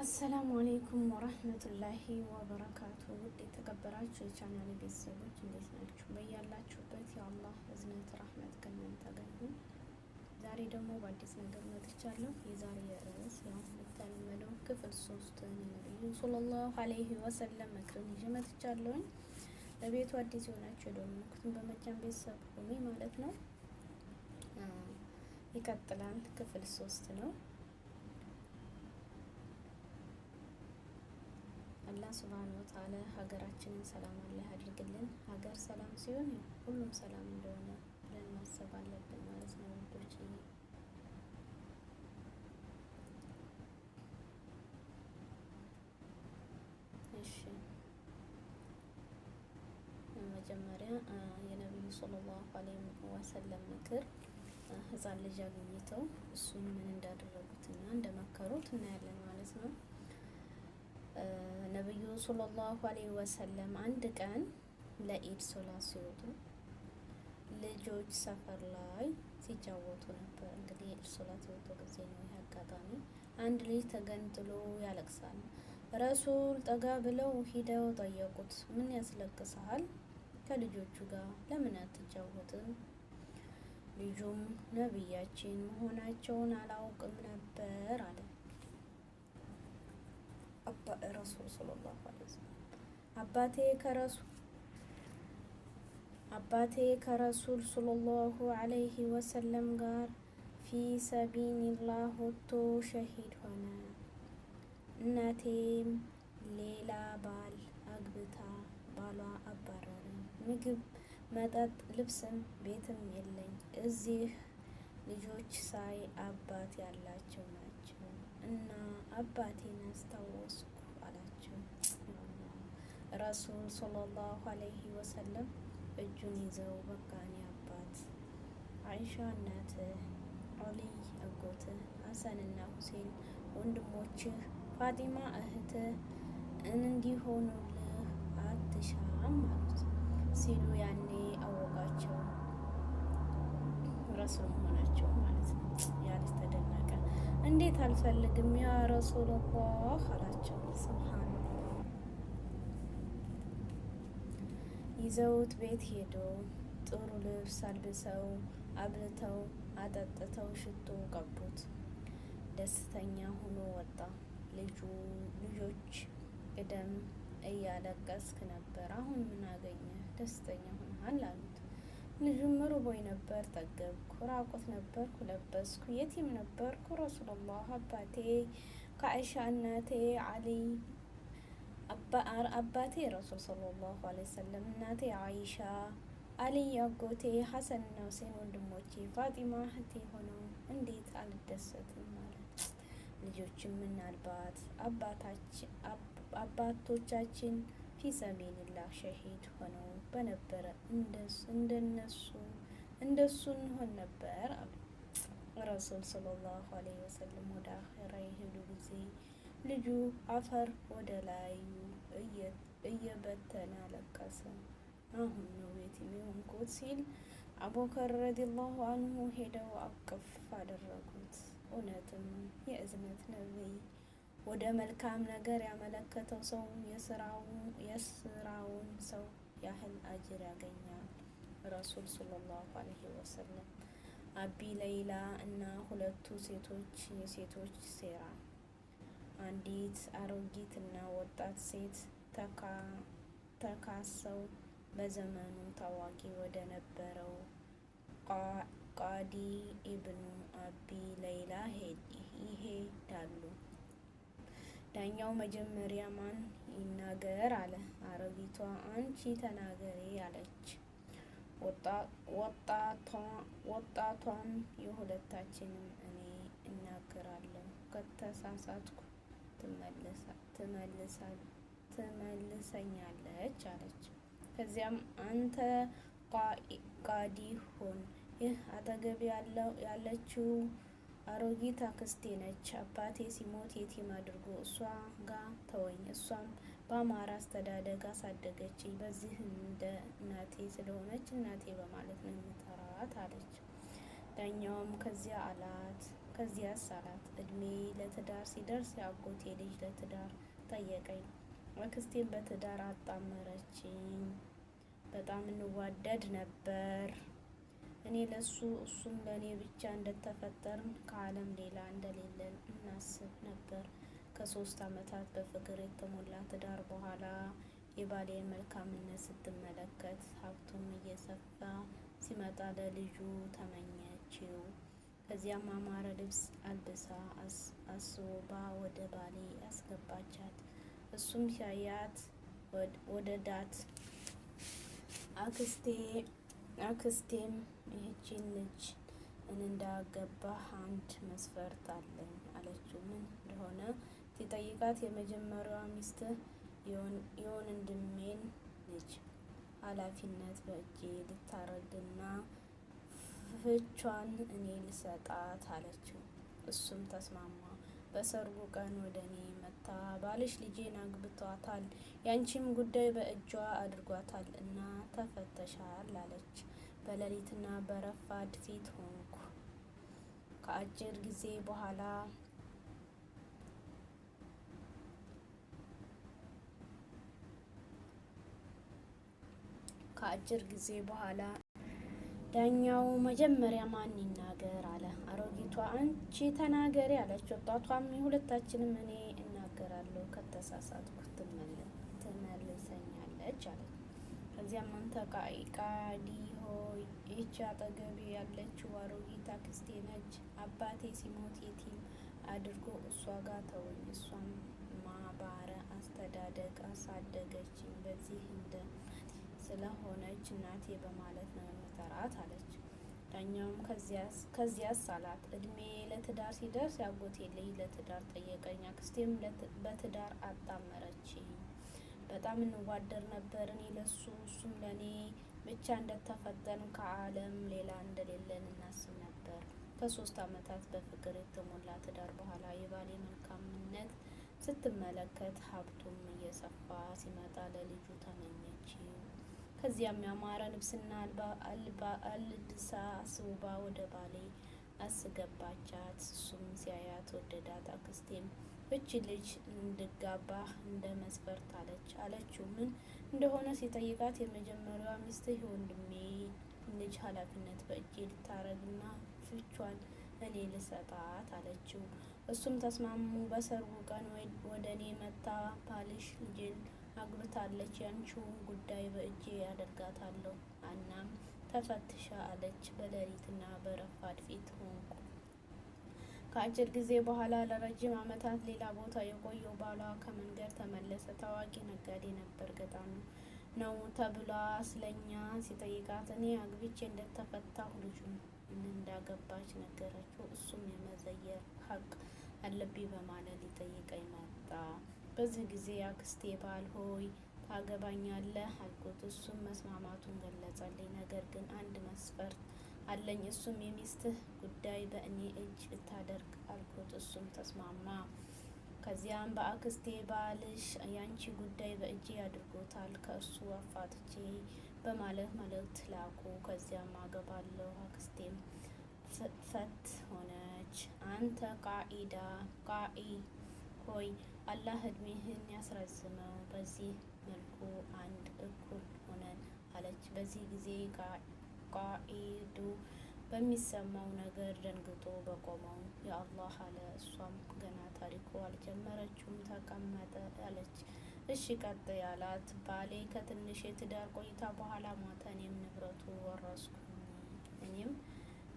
አሰላሙ አሌይኩም ወረህመቱላሂ ወበረካቱ። ውድ የተከበራችሁ የቻናል ቤተሰቦች እንዴት ናችሁ? በያላችሁበት የአላህ እዝነት ራህመት ከእናንተ ጋር ይሁን። ዛሬ ደግሞ በአዲስ ነገር መጥቻለሁ። የዛሬ ርዕስ ያው የምታልመደው ክፍል ሶስት ነቢዩ ሰለላሁ አለይሂ ወሰለም ምክርን ይዤ መጥቻለሁኝ። በቤቱ አዲስ የሆናችሁ ደግሞ ክቱን ቤተሰብ ሆኔ ማለት ነው። ይቀጥላል። ክፍል ሶስት ነው። አላህ ስብሃነ ወተዓላ ሀገራችንን ሰላም አለ ያድርግልን። ሀገር ሰላም ሲሆን ሁሉም ሰላም እንደሆነ ብለን ማሰብ አለብን ማለት ነው ውዶች። እሺ መጀመሪያ የነቢዩ ሰለላሁ ዐለይሂ ወሰለም ምክር ህፃን ልጅ አግኝተው እሱን ምን እንዳደረጉትና እንደመከሩት እናያለን ማለት ነው። ነቢዩ ሰለላሁ አለይሂ ወሰለም አንድ ቀን ለኢድ ሶላት ሲወጡ ልጆች ሰፈር ላይ ሲጫወቱ ነበር። እንግዲህ የኢድ ሶላት ሲወጡ ጊዜ ነው። ይህ አጋጣሚ አንድ ልጅ ተገንጥሎ ያለቅሳል። ረሱል ጠጋ ብለው ሂደው ጠየቁት፣ ምን ያስለቅሰሃል? ከልጆቹ ጋር ለምን አትጫወትም? ልጁም ነቢያችን መሆናቸውን አላውቅም ነበር አለ። ረሱል ሰለላሁ ዐለይሂ ወሰለም አባቴ ከረሱ አባቴ ከረሱል ሰለላሁ ዐለይሂ ወሰለም ጋር ፊ ሰቢልላህ ወጥቶ ሸሂድ ሆነ። እናቴም ሌላ ባል አግብታ ባሏ አባረረኝ። ምግብ፣ መጠጥ፣ ልብስም ቤትም የለኝ። እዚህ ልጆች ሳይ አባት ያላቸው ናቸው። እና አባቴን አስታወስኩ አላቸው። ረሱል ሰለላሁ አለይሂ ወሰለም እጁን ይዘው በቃኔ አባት፣ አይሻ እናትህ፣ አሊይ አጎትህ፣ ሀሰንና ሁሴን ወንድሞችህ፣ ፋጢማ እህትህ እንዲሆኑልህ አትሻም አሉት ሲሉ ያኔ አወቃቸው ረሱል እንዴት አልፈልግም ያ ረሱሉላህ አላቸው። ስብሓን ይዘውት ቤት ሄዶ ጥሩ ልብስ አልብሰው አብልተው አጠጥተው ሽቶ ቀቡት። ደስተኛ ሆኖ ወጣ። ልጁ ልጆች ቅደም እያለቀስክ ነበር፣ አሁን ምን አገኘ? ደስተኛ ሆነሃል አሉ። ልጁም ርቦኝ ነበር ጠገብኩ፣ ራቁት ነበርኩ ለበስኩ፣ የቲም ነበርኩ ረሱሉላህ አባቴ ከአይሻ እናቴ አሊይ አባቴ ረሱል ሰለላሁ ዐለይሂ ወሰለም እናቴ አይሻ አሊይ አጎቴ ሀሰንና ሁሴን ወንድሞቼ ፋጢማ እህቴ ሆነው እንዴት አልደሰትም ማለት ልጆችም ምናልባት አባቶቻችን ፊሰቢልላ ሸሂድ ሆነው በነበረ እንደነሱ እንደሱ እንሆን ነበር አሉ። ረሱል ሰለላሁ አለይሂ ወሰለም ወደ አኸራ የሄዱ ጊዜ ልጁ አፈር ወደ ላዩ እየበተነ አለቀሰ። አሁን ነው የቲም የሆንኩት ሲል አቡበከር ረዲየላሁ አንሁ ሄደው አቅፍ አደረጉት። እውነትም የእዝነት ነቢይ ወደ መልካም ነገር ያመለከተው ሰው የስራውን ሰው ያህል አጅር ያገኛል። ረሱል ሰለላሁ አለይሂ ወሰለም። አቢ ለይላ እና ሁለቱ ሴቶች የሴቶች ሴራ። አንዲት አሮጊት እና ወጣት ሴት ተካሰው በዘመኑ ታዋቂ ወደ ነበረው ቃዲ ኢብኑ አቢ ለይላ ይሄዳሉ። ዳኛው መጀመሪያ ማን ይናገር አለ። አረቢቷ አንቺ ተናገሪ አለች። ወጣቷም የሁለታችንም እኔ እናገራለሁ፣ ከተሳሳትኩ ትመልሰኛለች አለች። ከዚያም አንተ ቃዲ ሁን፣ ይህ አጠገብ ያለችው አሮጊት አክስቴ ነች። አባቴ ሲሞት የቲም አድርጎ እሷ ጋ ተወኝ። እሷም በአማራ አስተዳደግ አሳደገችኝ። በዚህ እንደ እናቴ ስለሆነች እናቴ በማለት ነው የምጠራት አለች። ዳኛውም ከዚያ አላት ከዚያስ አላት። እድሜ ለትዳር ሲደርስ የአጎቴ ልጅ ለትዳር ጠየቀኝ። አክስቴን በትዳር አጣመረችኝ። በጣም እንዋደድ ነበር። እኔ ለሱ እሱም ለእኔ ብቻ እንደተፈጠርን ከዓለም ሌላ እንደሌለን እናስብ ነበር። ከሶስት ዓመታት በፍቅር የተሞላ ትዳር በኋላ የባሌን መልካምነት ስትመለከት ሀብቱም እየሰፋ ሲመጣ ለልጁ ተመኘችው። ከዚያም አማረ ልብስ አልብሳ አስውባ ወደ ባሌ አስገባቻት። እሱም ሲያያት ወደ ዳት አክስቴ አክስቴም ይህችን ልጅ እንዳገባ አንድ መስፈርት አለኝ አለችው። ምን እንደሆነ ሲጠይቃት የመጀመሪያዋ ሚስት የወንድሜን ልጅ ኃላፊነት በእጄ ልታረግና ፍቿን እኔ ልሰጣት አለችው። እሱም ተስማማ። በሰርጉ ቀን ወደ እኔ ተፋታ። ባልሽ ልጄን አግብቷታል፣ ያንቺም ጉዳይ በእጇ አድርጓታል እና ተፈተሻል አለች። በሌሊትና በረፋድ ፊት ሆንኩ። ከአጭር ጊዜ በኋላ ከአጭር ጊዜ በኋላ ዳኛው መጀመሪያ ማን ይናገር አለ። አሮጊቷ አንቺ ተናገሪ አለች። ወጣቷም የሁለታችንም እኔ ከተሳሳትኩ ትመልሰኛለች አለች። ከዚያም አንተ ቃዲ ሆይ ይህች አጠገቤ ያለችው አሮጊት አክስቴ ነች። አባቴ ሲሞት የቲም አድርጎ እሷ ጋር ተወኝ። እሷም ማባረ አስተዳደግ አሳደገችኝ። በዚህ እንደ ስለሆነች እናቴ በማለት ነው የምጠራት አለች። ዳኛውም ከዚያስ አላት፣ እድሜ ለትዳር ሲደርስ ያጎቴ ልጅ ለትዳር ጠየቀኝ። አክስቴም በትዳር አጣመረችኝ። በጣም እንዋደር ነበር እኔ ለሱ እሱም ለእኔ ብቻ እንደተፈጠን ከዓለም ሌላ እንደሌለን እናስብ ነበር። ከሶስት አመታት በፍቅር የተሞላ ትዳር በኋላ የባሌ መልካምነት ስትመለከት ሀብቱም እየሰፋ ሲመጣ ለልጁ ተመኘችው። ከዚያም ያማረ ልብስና አልብሳ ወደ ባሌ አስገባቻት። እሱም ሲያያት ወደዳት። አክስቴም እች ልጅ እንድጋባ እንደ መስፈርት አለች አለችው። ምን እንደሆነ ሲጠይቃት የመጀመሪያዋ ሚስትህ ወንድሜ ልጅ ኃላፊነት በእጄ ልታረግና ፍቿን እኔ ልሰጣት አለችው። እሱም ተስማሙ። በሰርጉ ቀን ወደ እኔ መታ ባልሽ ልጅን አግብታለች። ያንቺውን ጉዳይ በእጄ ያደርጋታለሁ። አናም ተፈትሻ አለች። በሌሊትና በረፋድ ፊት ሆንኩ። ከአጭር ጊዜ በኋላ ለረጅም ዓመታት ሌላ ቦታ የቆየው ባሏ ከመንገድ ተመለሰ። ታዋቂ ነጋዴ ነበር። ገጣሚ ነው ተብሏ ስለኛ ሲጠይቃት እኔ አግብቼ እንደተፈታሁ ልጁን እንዳገባች ነገረችው። እሱም የመዘየር ሀቅ አለብኝ በማለት በዚህ ጊዜ አክስቴ ባል ሆይ ታገባኛለህ አልኩት። እሱም መስማማቱን ገለጸልኝ። ነገር ግን አንድ መስፈርት አለኝ። እሱም የሚስትህ ጉዳይ በእኔ እጅ እታደርግ አልኩት። እሱም ተስማማ። ከዚያም በአክስቴ ባልሽ ያንቺ ጉዳይ በእጄ ያድርጎታል ከእሱ አፋትቼ በማለት መልእክት ላኩ። ከዚያም አገባለሁ። አክስቴም ፈት ሆነች። አንተ ቃኢዳ ቃኢ ሆይ አላህ እድሜህን ያስረዝመው፣ በዚህ መልኩ አንድ እኩል ሆነን አለች። በዚህ ጊዜ ቃኢዱ በሚሰማው ነገር ደንግጦ በቆመው የአላህ አለ። እሷም ገና ታሪኩ አልጀመረችውም ተቀመጠ አለች። እሺ ቀጥ ያላት ባሌ ከትንሽ የትዳር ቆይታ በኋላ ሞተ። እኔም ንብረቱ ወረስኩ እኔም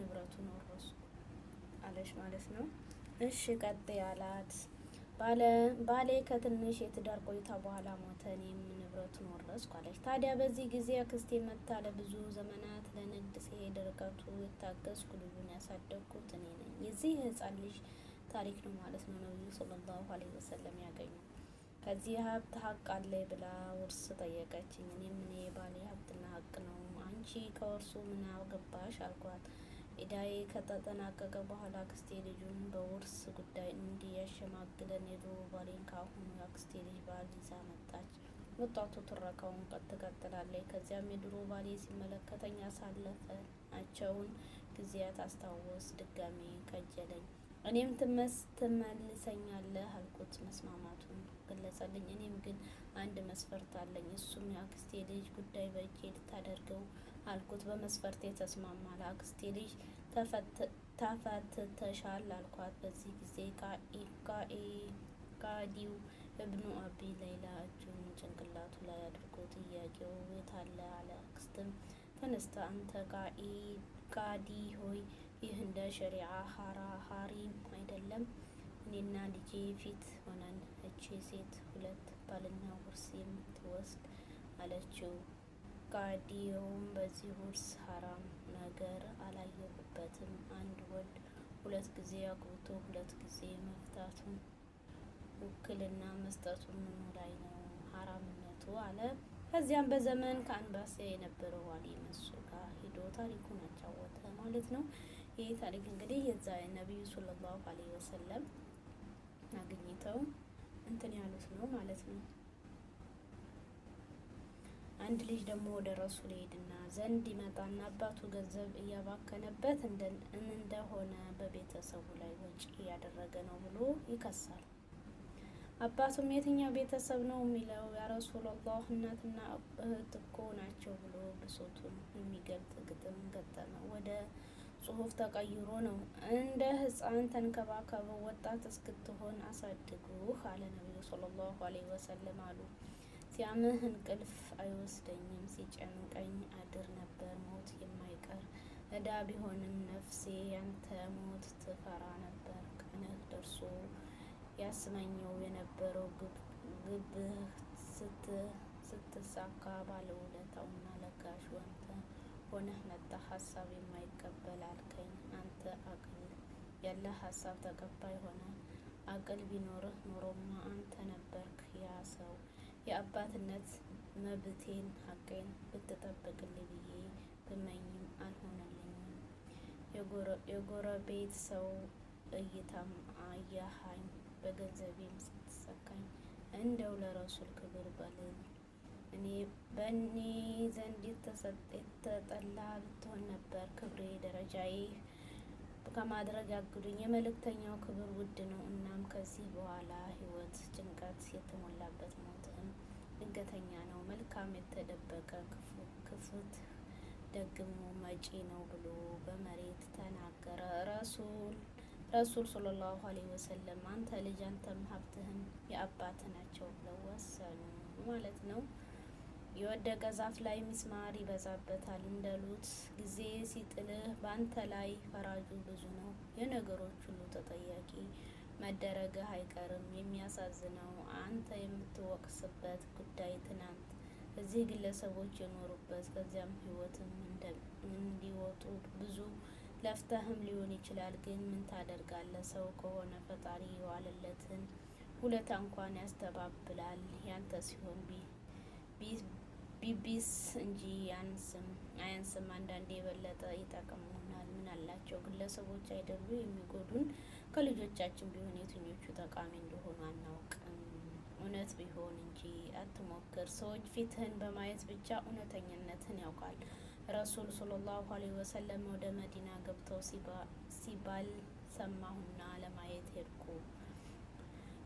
ንብረቱን ወረስኩ አለች ማለት ነው። እሺ ቀጥ ያላት ባሌ ከትንሽ የትዳር ቆይታ በኋላ ሞተ፣ እኔም ንብረቱን ወረስኩ አለች። ታዲያ በዚህ ጊዜ አክስቴ መታ ለብዙ ዘመናት ለንግድ ሲሄድ ርቀቱ የታገዝኩ ልጁን ያሳደግኩት እኔ ነኝ። የዚህ ህፃን ልጅ ታሪክ ነው ማለት ነው ነቢዩ ሰለላሁ አለይሂ ወሰለም ያገኙ ከዚህ ሀብት ሀቅ አለ ብላ ውርስ ጠየቀችኝ። እኔም እኔ ባሌ ሀብትና ሀቅ ነው አንቺ ከወርሱ ምን አገባሽ አልኳት። ኢዳዬ ከተጠናቀቀ በኋላ አክስቴ ልጁን በውርስ ጉዳይ እንዲያሸማግለን የድሮ ባሌን ከአሁኑ አክስቴ ልጅ ባል ይዛ መጣች። ወጣቱ ትረካውን ቀጥ ትቀጥላለች። ከዚያም የድሮ ባሌ ሲመለከተኝ ናቸውን ጊዜያት አስታወስ፣ ድጋሜ ከጀለኝ። እኔም ትመልሰኛለህ አልኩት። መስማማቱን ገለጸልኝ። እኔም ግን አንድ መስፈርት አለኝ። እሱም የአክስቴ ልጅ ጉዳይ በእጄ ልታደርገው አልኩት። በመስፈርት የተስማማ አክስቴ ልጅ ተፈትተሻል አልኳት። በዚህ ጊዜ ቃዲው እብኑ አቢ ሌይላ እጁን ጭንቅላቱ ላይ አድርጎ ጥያቄው የታለ አለ። አክስትም ተነስታ አንተ ቃዲ ሆይ ይህ እንደ ሸሪዓ ሀራ ሀሪም አይደለም። እኔና ልጄ ፊት ሆነን እቺ ሴት ሁለት ባልና ውርስ የምትወስድ አለችው። ከአዲየውም በዚህ ውርስ ሀራም ነገር አላየሁበትም። አንድ ወንድ ሁለት ጊዜ አግብቶ ሁለት ጊዜ መፍታቱን ውክልና መስጠቱ ምኑ ላይ ነው ሀራምነቱ? አለ። ከዚያም በዘመን ከአንባሲ የነበረው ዋሊ መሱ ጋር ሂዶ ታሪኩን አጫወተ ማለት ነው። ይህ ታሪክ እንግዲህ የዛ ነቢዩ ሰለላሁ አለይሂ ወሰለም አግኝተው እንትን ያሉት ነው ማለት ነው። አንድ ልጅ ደግሞ ወደ ረሱል ሄድና ዘንድ ይመጣና አባቱ ገንዘብ እያባከነበት እንደሆነ በቤተሰቡ ላይ ወጪ እያደረገ ነው ብሎ ይከሳል። አባቱም የትኛው ቤተሰብ ነው የሚለው ያረሱላላህ እናትና እህት እኮ ናቸው ብሎ ብሶቱን የሚገልጥ ግጥም ገጠመ። ወደ ጽሁፍ ተቀይሮ ነው እንደ ህፃን ተንከባከበው፣ ወጣት እስክትሆን አሳድጉህ አለ ነቢዩ ሰለላሁ አለይሂ ወሰለም አሉ ሲያምህ እንቅልፍ አይወስደኝም፣ ሲጨንቀኝ አድር ነበር። ሞት የማይቀር እዳ ቢሆንም ነፍሴ ያንተ ሞት ትፈራ ነበር። ቀንህ ደርሶ ያስመኘው የነበረው ግብህ ስትሳካ ባለውለታውና ለጋሽ ወንተ ሆነህ መጣ። ሀሳብ የማይቀበል አልከኝ አንተ አቅል ያለ ሀሳብ ተቀባይ ሆነ። አቅል ቢኖርህ ኖሮማ አንተ ነበርክ ያ ሰው የአባትነት መብቴን ሀቄን ብትጠብቅልኝ ብዬ ብመኝም አልሆነልኝም። የጎረቤት ሰው እይታም አያሃኝ፣ በገንዘቤም ስትሰካኝ እንደው ለረሱል ክብር እኔ በእኔ ዘንድ የተጠላ ብትሆን ነበር። ክብሬ ደረጃዬ ከማድረግ ያግዱኝ። የመልእክተኛው ክብር ውድ ነው። እናም ከዚህ በኋላ ህይወት ጭንቀት የተሞላበት ነው። ድንገተኛ ነው። መልካም የተደበቀ ክፉት ደግሞ መጪ ነው ብሎ በመሬት ተናገረ። ረሱል ረሱል ሰለላሁ አለይሂ ወሰለም አንተ ልጅ አንተም ሀብትህም የአባት ናቸው ብለው ወሰኑ ማለት ነው። የወደቀ ዛፍ ላይ ሚስማር ይበዛበታል እንደሉት ጊዜ ሲጥልህ በአንተ ላይ ፈራጁ ብዙ ነው፣ የነገሮች ሁሉ ተጠያቂ መደረግህ አይቀርም። የሚያሳዝነው አንተ የምትወቅስበት ጉዳይ ትናንት እዚህ ግለሰቦች የኖሩበት ከዚያም ህይወትም እንዲወጡ ብዙ ለፍተህም ሊሆን ይችላል። ግን ምን ታደርጋለህ? ሰው ከሆነ ፈጣሪ የዋለለትን ሁለታ እንኳን ያስተባብላል። ያንተ ሲሆን ቢቢስ እንጂ ያንስም አያንስም። አንዳንዴ የበለጠ ይጠቅሙናል። ምን አላቸው ግለሰቦች አይደሉ የሚጎዱን ከልጆቻችን ቢሆን የትኞቹ ጠቃሚ እንደሆኑ አናውቅም። እውነት ቢሆን እንጂ አትሞክር። ሰዎች ፊትህን በማየት ብቻ እውነተኝነትን ያውቃል። ረሱል ሰለላሁ አለይሂ ወሰለም ወደ መዲና ገብተው ሲባል ሰማሁና ለማየት ሄድኩ።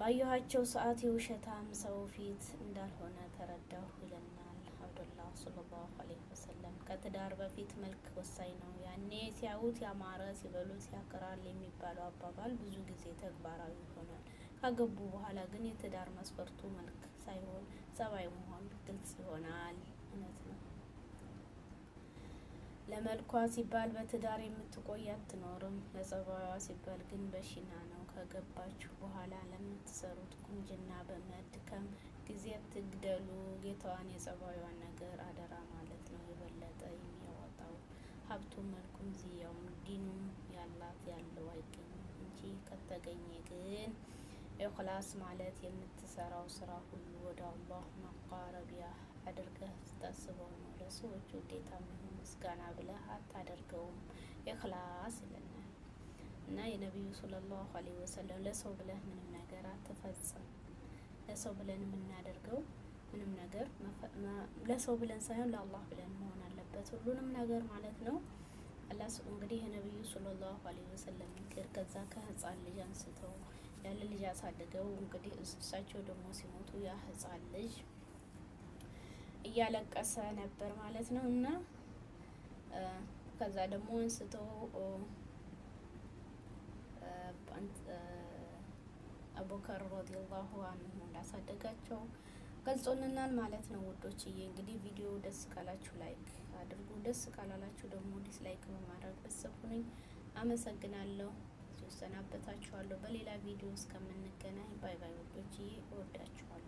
ባየኋቸው ሰዓት የውሸታም ሰው ፊት እንዳልሆነ ተረዳሁ ይለናል አብዱላህ ሰለላሁ አለይሂ ወሰለም። ከትዳር በፊት መልክ ወሳኝ ነው። ያኔ ሲያዩት ያማረ ሲበሉት ያከራል የሚባለው አባባል ብዙ ጊዜ ተግባራዊ ይሆናል። ካገቡ በኋላ ግን የትዳር መስፈርቱ መልክ ሳይሆን ጸባይ መሆን ግልጽ ይሆናል። እውነት ነው። ለመልኳ ሲባል በትዳር የምትቆይ አትኖርም። ለጸባይዋ ሲባል ግን በሽና ነው። ከገባችሁ በኋላ ለምትሰሩት ቁንጅና በመድከም ጊዜ አትግደሉ። ጌታዋን የጸባይዋን ነገር አደራ ሀብቱም መልኩም ዝያውም ዲኑም ያላት ያለው አይገኝም እንጂ ከተገኘ ግን እክላስ ማለት የምትሰራው ስራ ሁሉ ወደ አላህ መቃረቢያ አድርገህ ስታስበው ነው። ለሰዎች ውዴታ የሚሆን ምስጋና ብለህ አታደርገውም። እክላስ ይለናል እና የነቢዩ ሰለላሁ ዐለይሂ ወሰለም ለሰው ብለህ ምንም ነገር አትፈጽም። ለሰው ብለን የምናደርገው ምንም ነገር ለሰው ብለን ሳይሆን ለአላህ ብለን መሆናል አለበት ሁሉንም ነገር ማለት ነው። አላህ እንግዲህ የነቢዩ ሰለላሁ ዐለይሂ ወሰለም ምክር ከዛ ከህፃን ልጅ አንስተው ያለ ልጅ አሳድገው እንግዲህ እሳቸው ደግሞ ሲሞቱ ያ ህፃን ልጅ እያለቀሰ ነበር ማለት ነው እና ከዛ ደግሞ አንስተው አቡከር ረዲየላሁ አንሁ እንዳሳደጋቸው ገልጾልናል ማለት ነው። ውዶችዬ እንግዲህ ቪዲዮ ደስ ካላችሁ ላይክ አድርጉ። ደስ ካላላችሁ ደግሞ ዲስላይክ በማድረግ በሰፉኝ። አመሰግናለሁ። እሰናበታችኋለሁ። በሌላ ቪዲዮ እስከምንገናኝ ባይ ባይ። ወዶችዬ እወዳችኋለሁ።